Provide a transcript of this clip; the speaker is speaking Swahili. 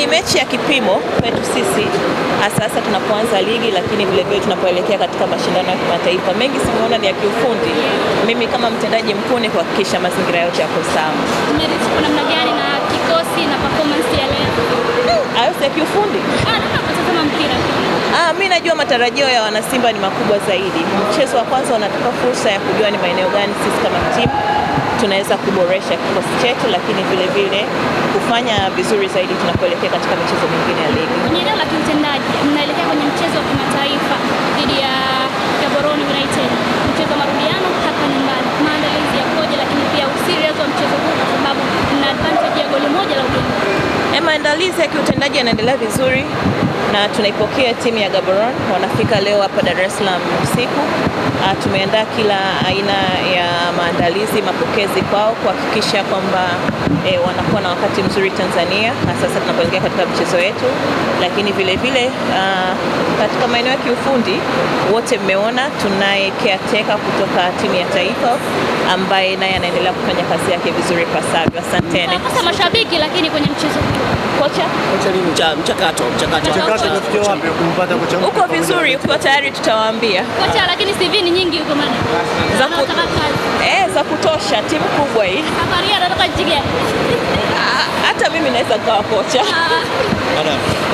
ni mechi ya kipimo kwetu sisi hasa sasa tunapoanza ligi, lakini vilevile tunapoelekea katika mashindano ya kimataifa. Mengi simeona ni ya kiufundi, mimi kama mtendaji mkuu ni kuhakikisha mazingira yote yako sawa. namna gani na kikosi na performance ya leo? Hayo si ya kiufundi. Ah, ah, mimi najua matarajio ya wanasimba ni makubwa zaidi. Mchezo wa kwanza wanatupa fursa ya kujua ni maeneo gani sisi kama timu tunaweza kuboresha kikosi chetu, lakini vile vile kufanya vizuri zaidi tunapoelekea katika michezo mingine ya ligi. Kwenye eneo la kiutendaji, mnaelekea kwenye mchezo wa kimataifa dhidi ya Gaborone United, mchezo wa marudiano hapa nyumbani, maandalizi ya yakoje? Lakini pia usirias wa mchezo huu kwa sababu mna advantage ya goli moja la ugenini. Eh, maandalizi ya kiutendaji yanaendelea vizuri na tunaipokea timu ya Gaborone, wanafika leo hapa Dar es Salaam usiku. Ah, tumeandaa kila aina ya maandalizi mapokezi kwao kuhakikisha kwamba e, wanakuwa na wakati mzuri Tanzania, na sasa tunapoelekea katika mchezo wetu, lakini vilevile ah, katika maeneo ya kiufundi wote mmeona, tunaye caretaker kutoka timu ya taifa ambaye naye anaendelea kufanya kazi yake vizuri pasavyo. Asanteni mashabiki, lakini kwenye mchezo kocha cha mchakato mchakato kumpata kocha huko vizuri, uko tayari, tutawaambia kocha. Lakini CV ni nyingi uko maana za eh za kutosha, timu kubwa hii. Safari anatoka nchi gani? Hata mimi naweza kuwa kocha. Ah.